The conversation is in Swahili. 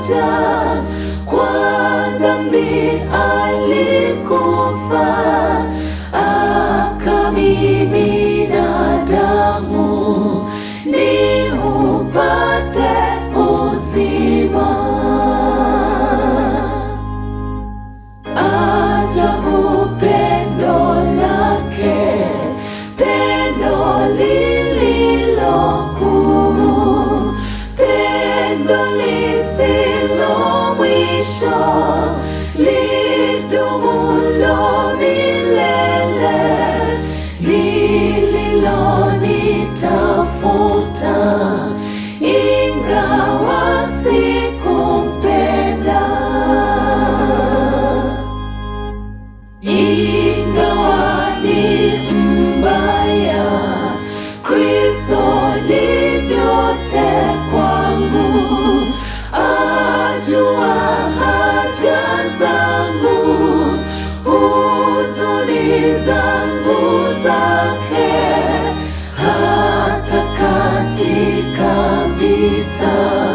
moja kwa dhambi alikufa akamimi Maisha lidumulo milele, lililonitafuta ingawa sikumpenda, ingawa ni mbaya, Kristo ni vyote kwangu, ajua nguvu zake hata katika vita.